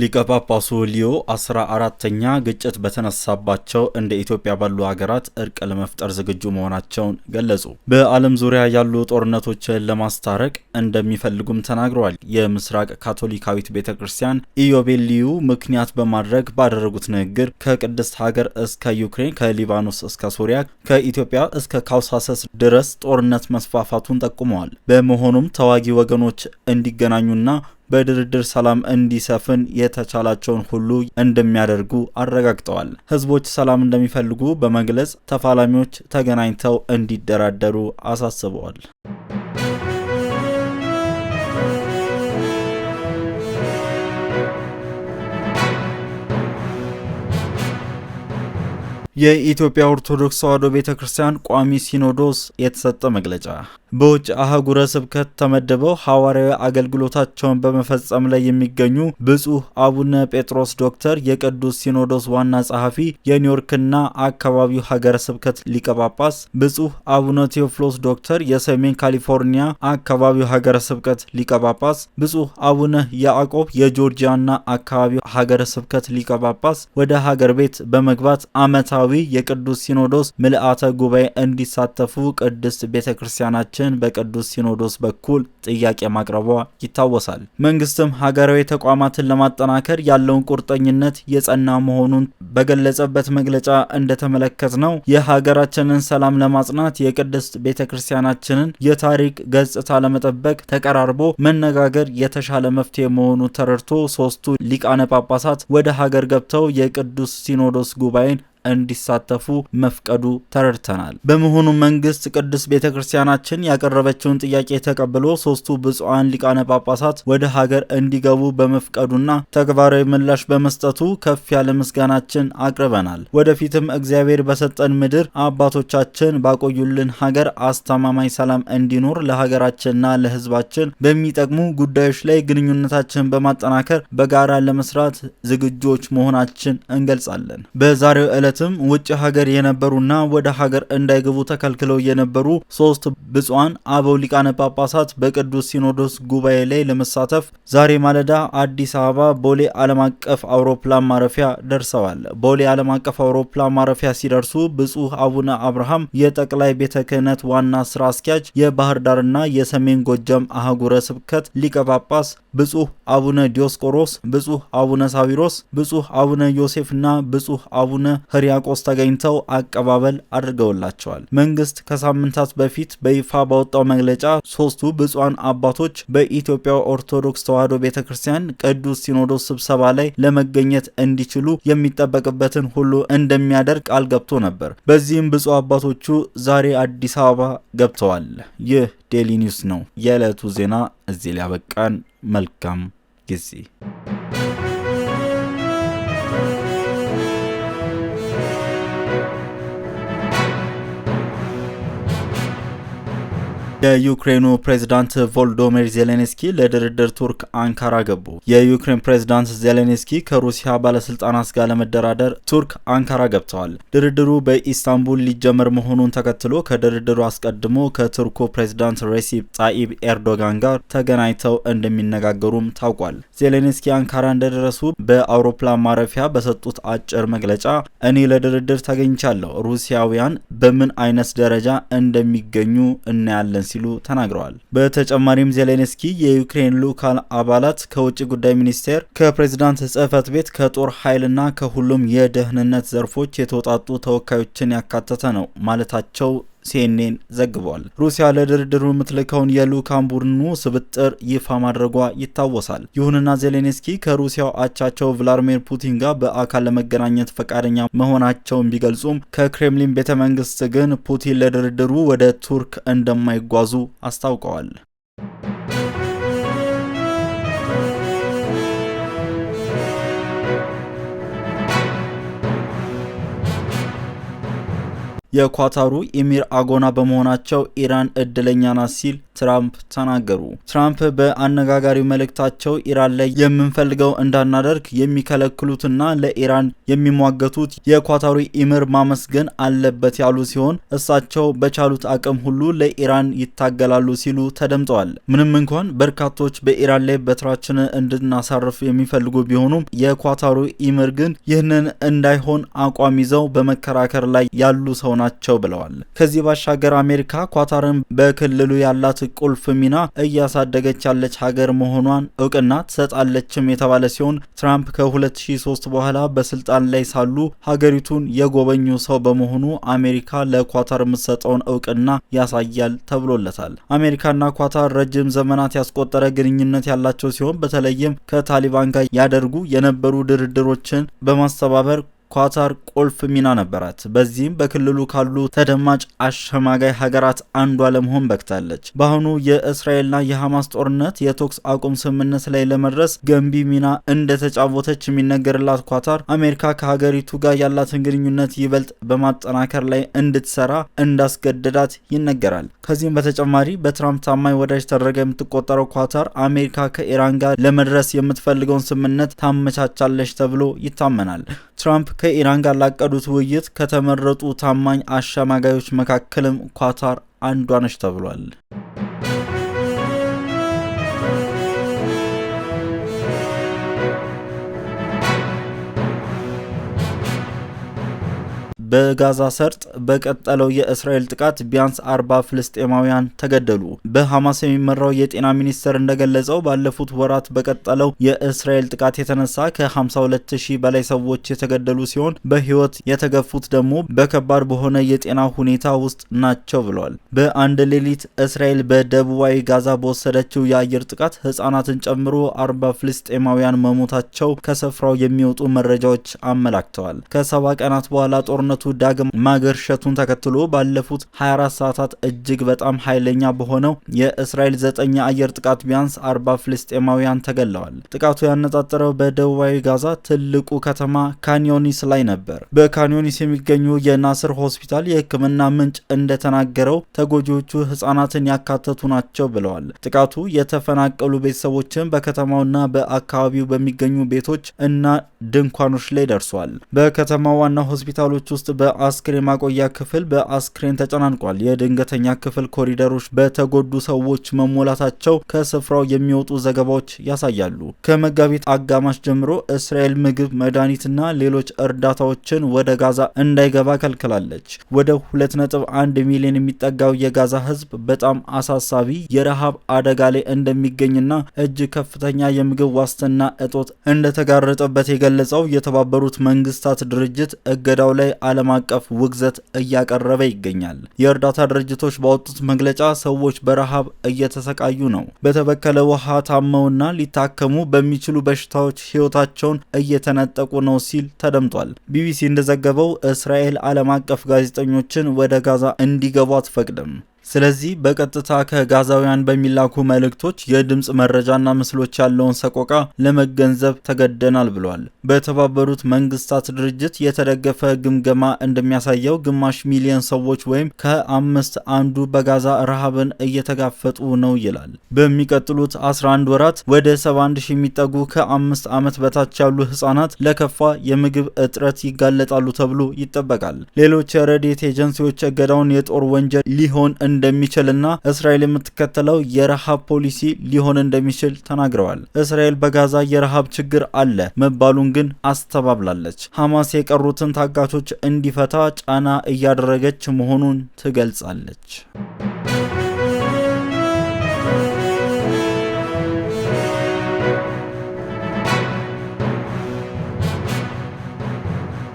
ሊቀ ጳጳሱ ሊዮ አስራ አራተኛ ግጭት በተነሳባቸው እንደ ኢትዮጵያ ባሉ ሀገራት እርቅ ለመፍጠር ዝግጁ መሆናቸውን ገለጹ። በዓለም ዙሪያ ያሉ ጦርነቶችን ለማስታረቅ እንደሚፈልጉም ተናግረዋል። የምስራቅ ካቶሊካዊት ቤተ ክርስቲያን ኢዮቤልዩ ምክንያት በማድረግ ባደረጉት ንግግር ከቅድስት ሀገር እስከ ዩክሬን፣ ከሊባኖስ እስከ ሱሪያ፣ ከኢትዮጵያ እስከ ካውሳሰስ ድረስ ጦርነት መስፋፋቱን ጠቁመዋል። በመሆኑም ተዋጊ ወገኖች እንዲገናኙና በድርድር ሰላም እንዲሰፍን የተቻላቸውን ሁሉ እንደሚያደርጉ አረጋግጠዋል። ህዝቦች ሰላም እንደሚፈልጉ በመግለጽ ተፋላሚዎች ተገናኝተው እንዲደራደሩ አሳስበዋል። የኢትዮጵያ ኦርቶዶክስ ተዋሕዶ ቤተ ክርስቲያን ቋሚ ሲኖዶስ የተሰጠ መግለጫ በውጭ አህጉረ ስብከት ተመድበው ሐዋርያዊ አገልግሎታቸውን በመፈጸም ላይ የሚገኙ ብጹህ አቡነ ጴጥሮስ ዶክተር የቅዱስ ሲኖዶስ ዋና ጸሐፊ የኒውዮርክና አካባቢው ሀገረ ስብከት ሊቀ ጳጳስ፣ አቡነ ቴዎፍሎስ ዶክተር የሰሜን ካሊፎርኒያ አካባቢው ሀገረ ስብከት ሊቀ ጳጳስ፣ አቡነ ያዕቆብ የጆርጂያና አካባቢው ሀገረ ስብከት ሊቀ ጳጳስ ወደ ሀገር ቤት በመግባት አመታ ወቅታዊ የቅዱስ ሲኖዶስ ምልአተ ጉባኤ እንዲሳተፉ ቅድስት ቤተ ክርስቲያናችን በቅዱስ ሲኖዶስ በኩል ጥያቄ ማቅረቧ ይታወሳል። መንግስትም ሀገራዊ ተቋማትን ለማጠናከር ያለውን ቁርጠኝነት የጸና መሆኑን በገለጸበት መግለጫ እንደተመለከት ነው የሀገራችንን ሰላም ለማጽናት የቅድስት ቤተ ክርስቲያናችንን የታሪክ ገጽታ ለመጠበቅ ተቀራርቦ መነጋገር የተሻለ መፍትሄ መሆኑ ተረድቶ ሶስቱ ሊቃነ ጳጳሳት ወደ ሀገር ገብተው የቅዱስ ሲኖዶስ ጉባኤን እንዲሳተፉ መፍቀዱ ተረድተናል። በመሆኑ መንግስት ቅድስት ቤተ ክርስቲያናችን ያቀረበችውን ጥያቄ ተቀብሎ ሶስቱ ብፁዓን ሊቃነ ጳጳሳት ወደ ሀገር እንዲገቡ በመፍቀዱና ተግባራዊ ምላሽ በመስጠቱ ከፍ ያለ ምስጋናችን አቅርበናል። ወደፊትም እግዚአብሔር በሰጠን ምድር አባቶቻችን ባቆዩልን ሀገር አስተማማኝ ሰላም እንዲኖር ለሀገራችንና ለሕዝባችን በሚጠቅሙ ጉዳዮች ላይ ግንኙነታችን በማጠናከር በጋራ ለመስራት ዝግጆች መሆናችን እንገልጻለን። በዛሬው ዕለት ማለትም ውጭ ሀገር የነበሩና ወደ ሀገር እንዳይገቡ ተከልክለው የነበሩ ሶስት ብፁዓን አበው ሊቃነ ጳጳሳት በቅዱስ ሲኖዶስ ጉባኤ ላይ ለመሳተፍ ዛሬ ማለዳ አዲስ አበባ ቦሌ ዓለም አቀፍ አውሮፕላን ማረፊያ ደርሰዋል። ቦሌ ዓለም አቀፍ አውሮፕላን ማረፊያ ሲደርሱ ብፁዕ አቡነ አብርሃም የጠቅላይ ቤተ ክህነት ዋና ስራ አስኪያጅ የባህር ዳርና የሰሜን ጎጃም አህጉረ ስብከት ሊቀ ጳጳስ ብፁህ አቡነ ዲዮስቆሮስ፣ ብፁህ አቡነ ሳዊሮስ፣ ብፁህ አቡነ ዮሴፍና ብፁህ አቡነ በሪያቆስ ተገኝተው አቀባበል አድርገውላቸዋል። መንግስት ከሳምንታት በፊት በይፋ ባወጣው መግለጫ ሶስቱ ብፁዓን አባቶች በኢትዮጵያ ኦርቶዶክስ ተዋሕዶ ቤተ ክርስቲያን ቅዱስ ሲኖዶስ ስብሰባ ላይ ለመገኘት እንዲችሉ የሚጠበቅበትን ሁሉ እንደሚያደርግ ቃል ገብቶ ነበር። በዚህም ብፁዕ አባቶቹ ዛሬ አዲስ አበባ ገብተዋል። ይህ ዴሊ ኒውስ ነው። የዕለቱ ዜና እዚህ ሊያበቃን። መልካም ጊዜ የዩክሬኑ ፕሬዝዳንት ቮልዶሚር ዜሌንስኪ ለድርድር ቱርክ አንካራ ገቡ። የዩክሬን ፕሬዝዳንት ዜሌንስኪ ከሩሲያ ባለስልጣናት ጋር ለመደራደር ቱርክ አንካራ ገብተዋል። ድርድሩ በኢስታንቡል ሊጀመር መሆኑን ተከትሎ ከድርድሩ አስቀድሞ ከቱርኩ ፕሬዝዳንት ሬሲፕ ጣኢብ ኤርዶጋን ጋር ተገናኝተው እንደሚነጋገሩም ታውቋል። ዜሌንስኪ አንካራ እንደደረሱ በአውሮፕላን ማረፊያ በሰጡት አጭር መግለጫ እኔ ለድርድር ተገኝቻለሁ፣ ሩሲያውያን በምን አይነት ደረጃ እንደሚገኙ እናያለን ሲሉ ተናግረዋል። በተጨማሪም ዜሌንስኪ የዩክሬን ልዑካን አባላት ከውጭ ጉዳይ ሚኒስቴር፣ ከፕሬዚዳንት ጽህፈት ቤት፣ ከጦር ኃይልና ከሁሉም የደህንነት ዘርፎች የተውጣጡ ተወካዮችን ያካተተ ነው ማለታቸው ሲኤንኤን ዘግቧል። ሩሲያ ለድርድሩ የምትልከውን የልዑካን ቡድኑ ስብጥር ይፋ ማድረጓ ይታወሳል። ይሁንና ዜሌንስኪ ከሩሲያው አቻቸው ቭላድሚር ፑቲን ጋር በአካል ለመገናኘት ፈቃደኛ መሆናቸውን ቢገልጹም ከክሬምሊን ቤተ መንግስት ግን ፑቲን ለድርድሩ ወደ ቱርክ እንደማይጓዙ አስታውቀዋል። የኳታሩ ኢሚር አጎና በመሆናቸው ኢራን እድለኛ ናት ሲል ትራምፕ ተናገሩ። ትራምፕ በአነጋጋሪው መልእክታቸው ኢራን ላይ የምንፈልገው እንዳናደርግ የሚከለክሉትና ለኢራን የሚሟገቱት የኳታሩ ኢሚር ማመስገን አለበት ያሉ ሲሆን እሳቸው በቻሉት አቅም ሁሉ ለኢራን ይታገላሉ ሲሉ ተደምጠዋል። ምንም እንኳን በርካቶች በኢራን ላይ በትራችን እንድናሳርፍ የሚፈልጉ ቢሆኑም የኳታሩ ኢሚር ግን ይህንን እንዳይሆን አቋም ይዘው በመከራከር ላይ ያሉ ሰው ናቸው ብለዋል። ከዚህ ባሻገር አሜሪካ ኳታርን በክልሉ ያላት ቁልፍ ሚና እያሳደገች ያለች ሀገር መሆኗን እውቅና ትሰጣለችም የተባለ ሲሆን ትራምፕ ከ2003 በኋላ በስልጣን ላይ ሳሉ ሀገሪቱን የጎበኙ ሰው በመሆኑ አሜሪካ ለኳታር የምትሰጠውን እውቅና ያሳያል ተብሎለታል። አሜሪካና ኳታር ረጅም ዘመናት ያስቆጠረ ግንኙነት ያላቸው ሲሆን በተለይም ከታሊባን ጋር ያደርጉ የነበሩ ድርድሮችን በማስተባበር ኳታር ቁልፍ ሚና ነበራት። በዚህም በክልሉ ካሉ ተደማጭ አሸማጋይ ሀገራት አንዷ ለመሆን በክታለች። በአሁኑ የእስራኤልና የሐማስ ጦርነት የተኩስ አቁም ስምምነት ላይ ለመድረስ ገንቢ ሚና እንደተጫወተች የሚነገርላት ኳታር አሜሪካ ከሀገሪቱ ጋር ያላትን ግንኙነት ይበልጥ በማጠናከር ላይ እንድትሰራ እንዳስገደዳት ይነገራል። ከዚህም በተጨማሪ በትራምፕ ታማኝ ወዳጅ ተደረገ የምትቆጠረው ኳታር አሜሪካ ከኢራን ጋር ለመድረስ የምትፈልገውን ስምምነት ታመቻቻለች ተብሎ ይታመናል። ትራምፕ ከኢራን ጋር ላቀዱት ውይይት ከተመረጡ ታማኝ አሸማጋዮች መካከልም ኳታር አንዷ ነች ተብሏል። በጋዛ ሰርጥ በቀጠለው የእስራኤል ጥቃት ቢያንስ አርባ ፍልስጤማውያን ተገደሉ። በሐማስ የሚመራው የጤና ሚኒስቴር እንደገለጸው ባለፉት ወራት በቀጠለው የእስራኤል ጥቃት የተነሳ ከ52 ሺህ በላይ ሰዎች የተገደሉ ሲሆን በህይወት የተገፉት ደግሞ በከባድ በሆነ የጤና ሁኔታ ውስጥ ናቸው ብሏል። በአንድ ሌሊት እስራኤል በደቡባዊ ጋዛ በወሰደችው የአየር ጥቃት ህጻናትን ጨምሮ አርባ ፍልስጤማውያን መሞታቸው ከስፍራው የሚወጡ መረጃዎች አመላክተዋል። ከሰባ ቀናት በኋላ ጦርነቱ ሙቀቱ ዳግም ማገርሸቱን ተከትሎ ባለፉት 24 ሰዓታት እጅግ በጣም ኃይለኛ በሆነው የእስራኤል ዘጠኛ አየር ጥቃት ቢያንስ 40 ፍልስጤማውያን ተገለዋል። ጥቃቱ ያነጣጠረው በደቡባዊ ጋዛ ትልቁ ከተማ ካኒዮኒስ ላይ ነበር። በካኒዮኒስ የሚገኙ የናስር ሆስፒታል የሕክምና ምንጭ እንደተናገረው ተጎጂዎቹ ህጻናትን ያካተቱ ናቸው ብለዋል። ጥቃቱ የተፈናቀሉ ቤተሰቦችን በከተማውና በአካባቢው በሚገኙ ቤቶች እና ድንኳኖች ላይ ደርሷል። በከተማው ዋና ሆስፒታሎች ውስጥ በአስክሬን ማቆያ ክፍል በአስክሬን ተጨናንቋል። የድንገተኛ ክፍል ኮሪደሮች በተጎዱ ሰዎች መሞላታቸው ከስፍራው የሚወጡ ዘገባዎች ያሳያሉ። ከመጋቢት አጋማሽ ጀምሮ እስራኤል ምግብ፣ መድኃኒትና ሌሎች እርዳታዎችን ወደ ጋዛ እንዳይገባ ከልክላለች። ወደ 2.1 ሚሊዮን የሚጠጋው የጋዛ ህዝብ በጣም አሳሳቢ የረሃብ አደጋ ላይ እንደሚገኝና እጅግ ከፍተኛ የምግብ ዋስትና እጦት እንደተጋረጠበት የገለጸው የተባበሩት መንግስታት ድርጅት እገዳው ላይ አለ ዓለም አቀፍ ውግዘት እያቀረበ ይገኛል። የእርዳታ ድርጅቶች ባወጡት መግለጫ ሰዎች በረሃብ እየተሰቃዩ ነው፣ በተበከለ ውሃ ታመውና ሊታከሙ በሚችሉ በሽታዎች ሕይወታቸውን እየተነጠቁ ነው ሲል ተደምጧል። ቢቢሲ እንደዘገበው እስራኤል ዓለም አቀፍ ጋዜጠኞችን ወደ ጋዛ እንዲገቡ አትፈቅድም። ስለዚህ በቀጥታ ከጋዛውያን በሚላኩ መልእክቶች የድምፅ መረጃና ምስሎች ያለውን ሰቆቃ ለመገንዘብ ተገደናል ብሏል። በተባበሩት መንግስታት ድርጅት የተደገፈ ግምገማ እንደሚያሳየው ግማሽ ሚሊዮን ሰዎች ወይም ከአምስት አንዱ በጋዛ ረሃብን እየተጋፈጡ ነው ይላል። በሚቀጥሉት 11 ወራት ወደ 71 ሺህ የሚጠጉ ከአምስት ዓመት በታች ያሉ ህጻናት ለከፋ የምግብ እጥረት ይጋለጣሉ ተብሎ ይጠበቃል። ሌሎች የረድኤት ኤጀንሲዎች እገዳውን የጦር ወንጀል ሊሆን እንደሚችልና እስራኤል የምትከተለው የረሃብ ፖሊሲ ሊሆን እንደሚችል ተናግረዋል። እስራኤል በጋዛ የረሃብ ችግር አለ መባሉን ግን አስተባብላለች። ሐማስ የቀሩትን ታጋቾች እንዲፈታ ጫና እያደረገች መሆኑን ትገልጻለች።